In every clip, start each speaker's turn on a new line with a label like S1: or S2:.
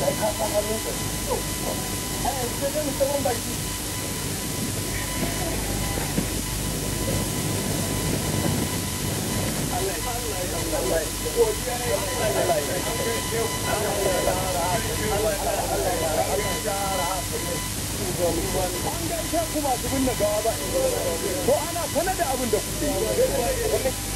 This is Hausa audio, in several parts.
S1: kai ka san hannun ka a baki An masu binne gawa ba, ana sanar da abin da kuke.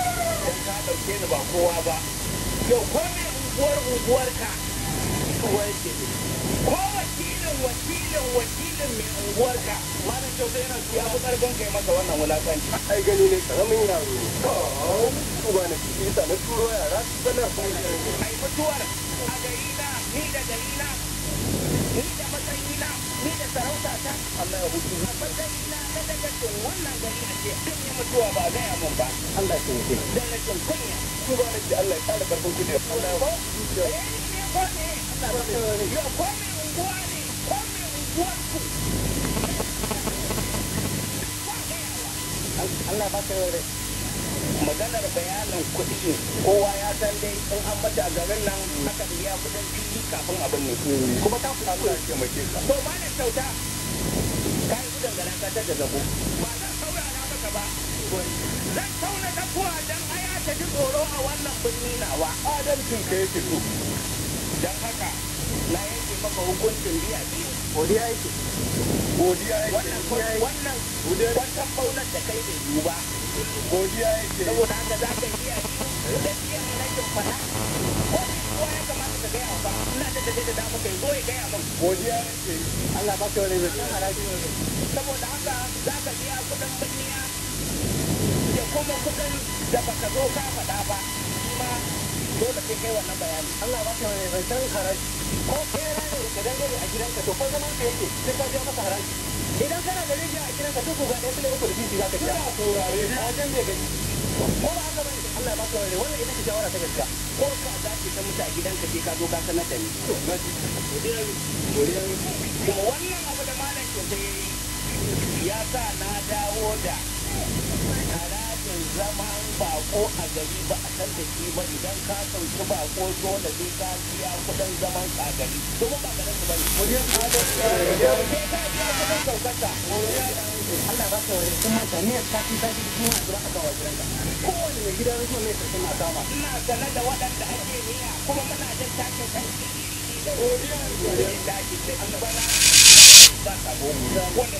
S1: ka ɗauke ni ba kowa ba yau ko mai unguwar unguwarka unguwar ke ne ko wakilin wakilin wakilin mai unguwarka malam sai yana ya fi ƙarfin kai masa wannan wulaƙanci ai gani ne ƙaramin yaro ne ba na ciki na turo yara ba ai mutuwar a
S2: gari na ni da gari na Allah ya hutu
S1: wannan gari a ce an yi mutuwa ba ga ya mun ba Allah ya tunke dan rashin kunya ku ba rashin Allah ya kare barkon ku da Allah ya ko
S2: ne Allah ya
S1: hutu ya ko me unguwa ne ko me unguwa ku Allah ba ka yore maganar bayanin kuɗi kowa ya san dai in an mata a garin nan aka biya kuɗin fili kafin abin ne kuma ta kuɗi ko ba na kyauta karan ka ta gabo ba zan saurara maka ba zan tauna takuwa dan aya ta ji tsoro a wannan birni nawa adalcin ka yake so dan haka na yanke maka hukuncin biya biyu godiya yake godiya yake wannan wannan faunar da kai bai yiwu ba godiya yake saboda haka za ka biya biyu da biya rashin fada kowa ya kamata ka gaya ba ina da da dama kai zo ya gaya ba godiya yake Allah baka wani mai haraji saboda haka za ka biya kudin birniya da kuma kudin da baka zo ka faɗa ba kuma dole sai kai wannan bayani Allah ba ka mai rancen haraji ko kera ne da dangare a gidanka to ko zaman ka yake sai ka biya masa haraji idan kana da rijiya a gidanka to ga ɗaya sai uku da titi za ka biya a saurare a wajen bai gani ko ba haka bane Allah ba ka mai wannan ita ce shawara ta gaskiya ko ka dace ta mutu a gidanka sai ka zo ka sanar da ni to gaji godiya godiya kuma wannan ya sa na dawo da harajin zaman bako a gari ba a san da shi ba idan ka sauki bako dole ne ka biya kudin zaman a gari kuma ba garin su bane ko ya ka da sai ka biya kudin saukata Allah ba ka wani kuma ta ne ta ci ta ci kuma a aka wa gidanka kowane mai gidan rikin mai sarkin na sama ina sanar da waɗanda ake niyya kuma muna jin takin kai godiya da Allah ba na ba ta gomu wanda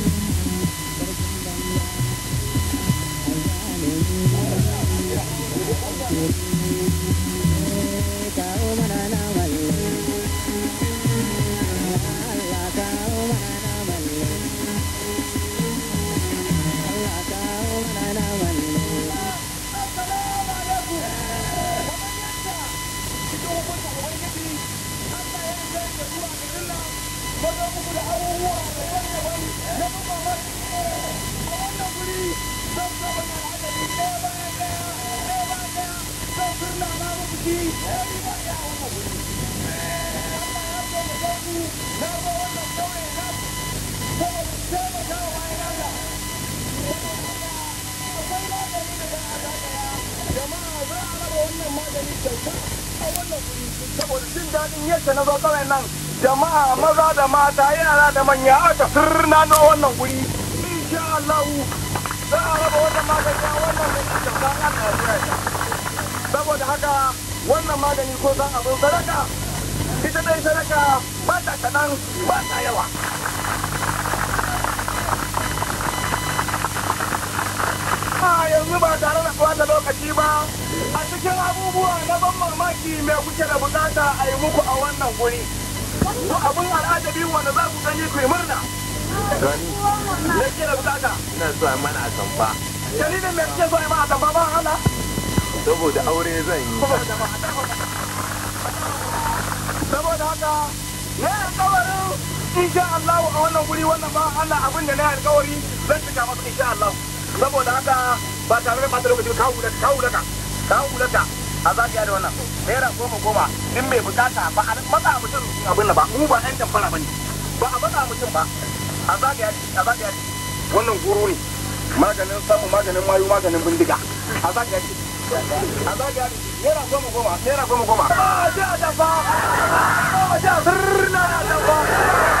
S1: Thank you. saboda jin daɗin yadda na zo kawai nan jama'a maza da mata yara da manya aka sirna na wannan guri insha Allah za a raba wannan magani a wannan guri da a Najeriya saboda haka wannan magani ko za a zo sadaka ita dai sadaka ba ta kaɗan ba ta yawa yanzu ba tare da ɓata lokaci ba a cikin abubuwa na ba mamaki me kuke da bukata a yi muku a wannan guri ko abin al'adabi wanda za ku gani ku yi murna gani me kuke da bukata ina so a mana atamfa dalilin me kuke so a yi mana atamfa ba hala saboda aure zan yi saboda haka ya alkawarin insha Allah a wannan guri wannan ba Allah abin da na yi alkawari zan cika masa insha Allah saboda haka ba tare da ɓata lokaci kawo da kawo da ka kawo da ka a zagaya da wannan naira goma goma in mai bukata ba a matsa mutum abin da ba mu ba yan tamfara ba ne ba a matsa mutum ba a zagaya a zagaya wannan goro ne maganin samu maganin mayu maganin bindiga a zagaya a zagaya naira goma goma naira goma goma a ji a dafa a ji a sirna a dafa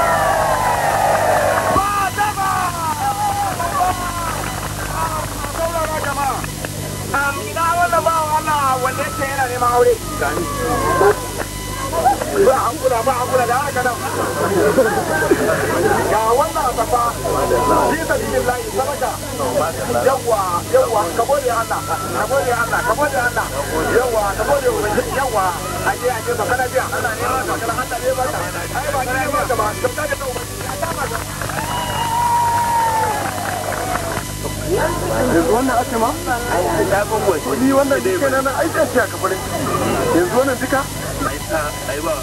S1: wanne ce yana neman aure ba hankula ba hankula da haka nan ga wannan layi sadaka yawa yawa ka gode Allah ka gode ka yawa ka yawa aje aje ba kana biya kana ne ba ai ba ka ba ka ba yanzu wannan ake ma? ai ta ni wannan dai kenan ai da shi aka farin ciki yanzu wannan duka ai ba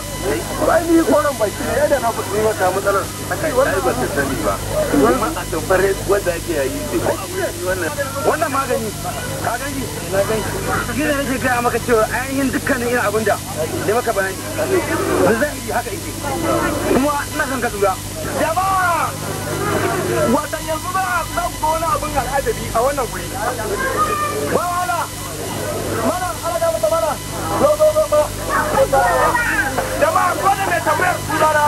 S1: ai ni koran baki ne da na kudi mata matsalar ai ba ta sani ba kuma a tafare wanda ake yayi sai ko abu ne wannan wannan magani ka gani na gani shi ne nake ga maka cewa ainihin dukkanin irin abin da ne maka bayani zan yi haka yake kuma ina son ka tura jama'a watan yanzu za a za ku wani abin al'ajabi a wannan guri ba wala mana alaga mata mana zo zo zo ba jama'a ko mai tambayar sunana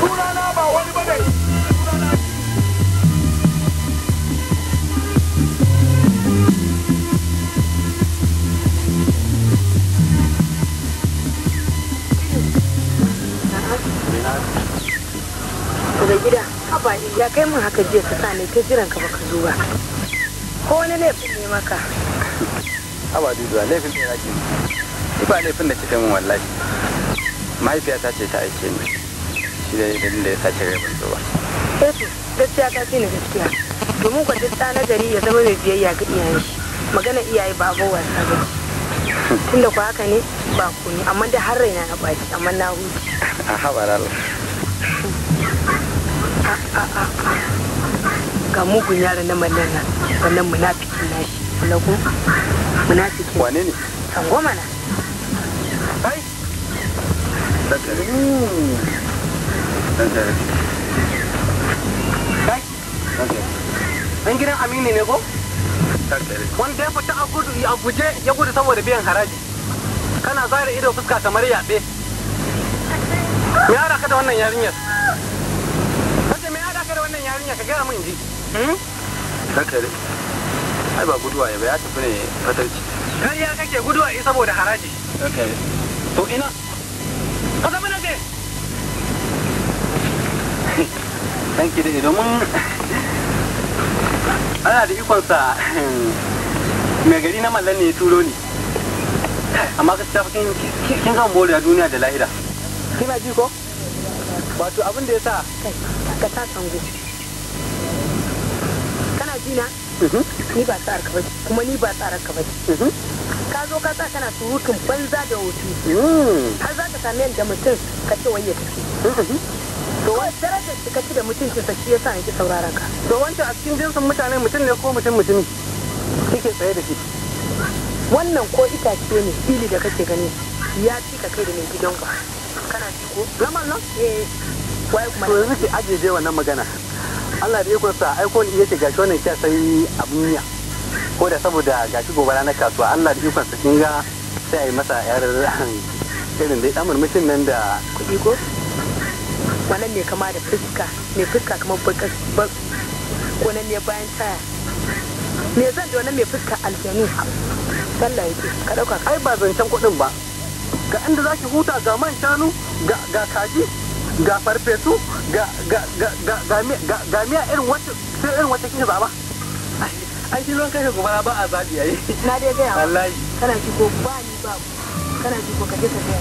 S1: sunana ba wani bane
S3: Gida. ya kai mun haka jiya ka sa ne ta jiran ka baka zo ba ko wani laifin ne maka
S1: haba laifin ne yake ni ba laifin da kika min wallahi ce ta aike ni shi da dalilin da ya sace ban zo ba
S3: eh to gaskiya ta ce ni gaskiya domin kwa duk na gari ya zama mai biyayya ga iyayen shi magana iyaye ba abin wasa ba tunda haka ne ba ku ne amma da har raina na baki amma na a ga mugun yaran na mallan nan wannan munafikin nashi lagu munafikin wane ne tango mana ai sakare hmm.
S1: kai dan gidan aminu ne ko wanda ya fita a guje ya gudu saboda biyan haraji kana zara ido fuska kamar yaɓe me ya raka da wannan yarinyar mun ji zakari ai ba guduwa ya ba ya tafi ne fatarci kariya kake guduwa yi eh, saboda haraji zakari to ina ka zama na ce thank you dai domin ana da ikonsa mai gari na mallan ne ya turo ni amma ka tafi kin kan bori a duniya da lahira kina ji ko wato abin
S3: da ya sa ka ta na mhm. ni ba tsara ka bace kuma ni ba tsara ka bace mhm. ka zo ka sa kana surutun banza da wuti. Mm. har za ka sami yadda mutum ka ce wani ya tafi mhm. to wani darajar da ka ci da ya sa ne ki sauraron ka to wancan a cikin jinsin mutane mutum ne ko mutum mutumi kike tsaye da shi wannan ko itace ne fili da kake gani ya ci ka kai da mai gidan ku
S2: kana ci ko lamar nan eh
S1: wai kuma to yanzu ki ajeje wannan magana Allah da ikonsa aiko ni iya ce gashi wannan kya sai a duniya ko da saboda gashi gobara na kasuwa Allah da ikonsa kin ga sai a yi masa
S3: yar irin dai dan mutum nan da kuɗi ko wannan ne kama da fuska mai fuska kamar ko nan ne bayan taya me zan da wannan mai fuska aljanu sallah yake ka dauka ai ba zancen kuɗin
S1: ba ga inda zaki huta ga man shanu ga kaji ga farfesu ga miya irin wata irin wata kin zaba ai shi ruwan kashe gobara ba a zabi yayi na dai ga wallahi kana ci ko ba ni ba kana ci ko kaje ka ga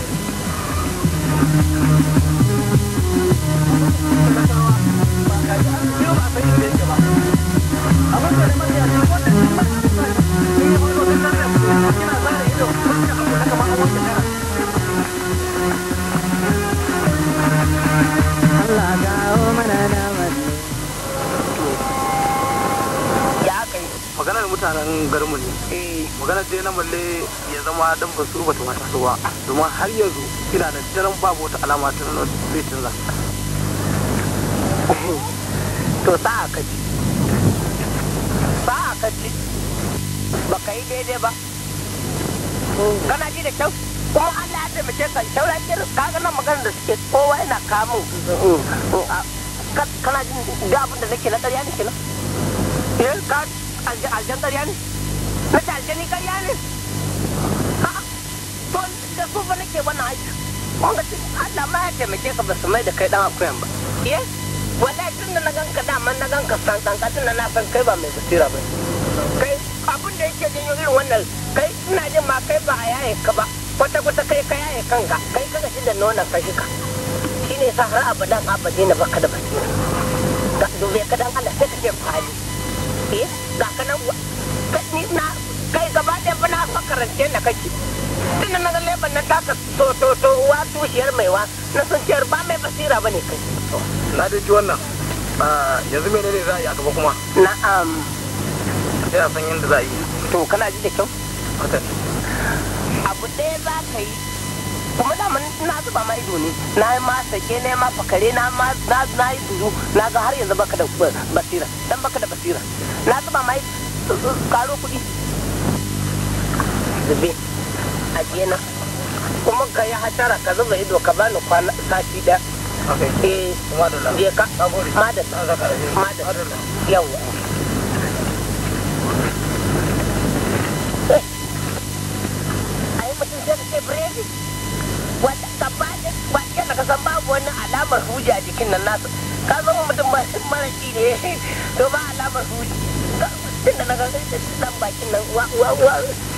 S1: alama din ba su ba ta mata ba domin har yanzu ina da daren babu wata alama ta nuna zai canza
S2: to sa ka ci sa ka ci ba ka yi daidai ba kana ji da kyau kuma Allah ya taimake ka saura shaura ka ga nan maganar da suke kowa yana kamun kana jin da abin da nake na ƙarya ne kenan eh ka aljan ƙarya ne na aljani ƙarya ne to da su ba nake wannan aiki wanda tun Allah ma ya taimake ka ba su mai da kai dan akuyan ba Ye, wallahi tun da na ganka daman na ganka san kanka tun da na san kai ba mai basira ba kai abin da yake janyo irin wannan kai ina jin ma kai ba a yaye ka ba kwata kwata kai ka yaye kanka kai ka gaji da nonon ka shika shine sa har abadan abadi na baka da basira ga dole ka dan Allah sai ka je kwali Ye, ga kanan kana kai na kai gaba ɗaya ba na karance da kake tun na ga leban nan taka to to to uwa mai wa na sun ciyar ba mai basira ba ne kai na dai ji wannan ah, yanzu mene ne za a yi a gaba kuma na'am ina san yadda za a yi to kana ji da kyau abu ɗaya za ka yi kuma da mun na zuba ma ido ne na yi ma sake na ma fakare na ma na yi dudu na ga har yanzu baka da basira dan baka da basira na zuba ma karo kuɗi zube a kuma ka yi hatara ka zuba ido ka bani kwana sati da eh ka madan madan yawa mutum sai ka ce da ka san babu wani alamar huji a jikin nan nasu ka zama mutum ne to ba alamar huji tun da na ga dan bakin nan wa wa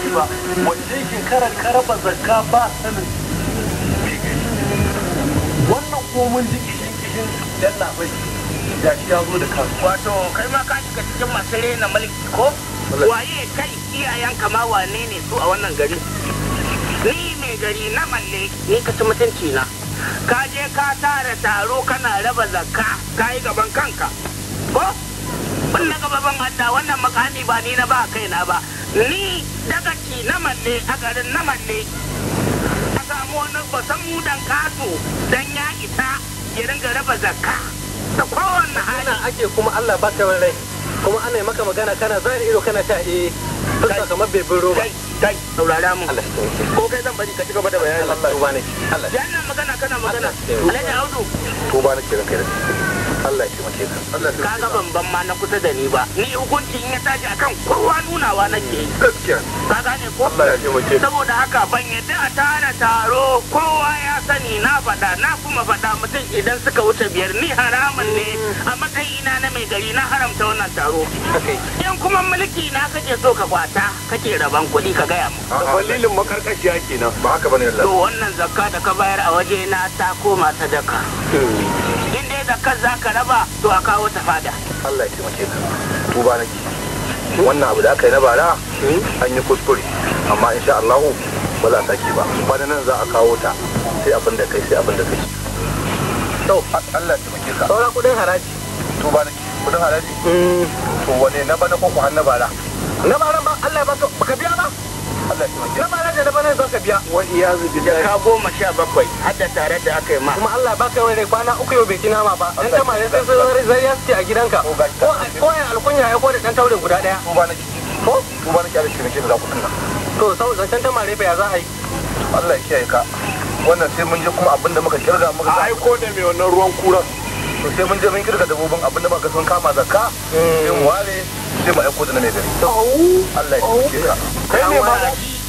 S1: arziki ba wacce shekarar ka raba zakka ba sanin wannan komun ji kishin kishin dan labai da shi ya zo da kan wato kai ma ka shiga cikin masu rena mulki ko
S2: waye kai iyayen kama wane ne su a wannan gari ni mai gari na malle ni ka ci mutunci na ka je ka tara taro kana raba zakka ka yi gaban kanka ko kun na gaba ban adda wannan makami ba ni na ba kai na ba ni daga ki na malle a garin na malle
S1: a samu wani basan mudan kato dan ya isa ya ringa raba zakka da kowanne hali ana ake kuma Allah ba baka rai kuma ana yi maka magana kana zai ido kana ta eh fuska kamar bai biro ba kai saurara mu ko kai zan bari ka ci gaba da bayani Allah tuba ne Allah yana magana kana magana Allah da audu tuba ne kiran kai Allah ya ka Allah ya ban ma na kusa da ni ba ni hukunci in ya tashi akan kowa nunawa nake gaskiya ka gane ko Allah ya saboda haka ban yadda a tara taro kowa ya sani na faɗa na kuma faɗa mutum idan suka wuce biyar ni haramun ne a matsayina na mai gari na haramta wannan taro yan kuma mulki
S2: na kake so ka kwata
S1: kake raban kuɗi ka gaya mu dalilin makarkashiya kenan ba haka bane Allah to wannan zakka da ka bayar a waje na ta koma sadaka sadakar za ka raba to a kawo ta fada Allah ya taimake ka tuba nake wannan abu da aka yi na bara an yi kuskure amma insha allahu ba za ta ke ba kwanan nan za a kawo ta sai abin da kai sai abin da kai to Allah ya taimake ka saura kudin haraji tuba nake kudin haraji mm. to wane na bana ko ku hannu na bara na bara ba Allah ya ba ka biya ba na ba da da bane zaka wani wa iyazu da ka goma sha bakwai har tare da aka yi ma kuma Allah baka wai kwana uku yau bai ci nama ba dan ta mare sai sai zariya suke a gidanka ko ko ya alkunya ya ko da dan taurin guda daya ko ba na ko ko ba na kyale shi ne da ku tunna to sau zancen ta mare ya za a yi Allah ya kiyaye ka wannan sai mun je kuma abinda muka kirga muka ai ko da me wannan ruwan kuran to sai mun je mun kirga da dabbobin abinda ba ka sun kama zakka mm. sai mu ware sai mu aiko da na mai gari Allah ya tsike ka kai ne ma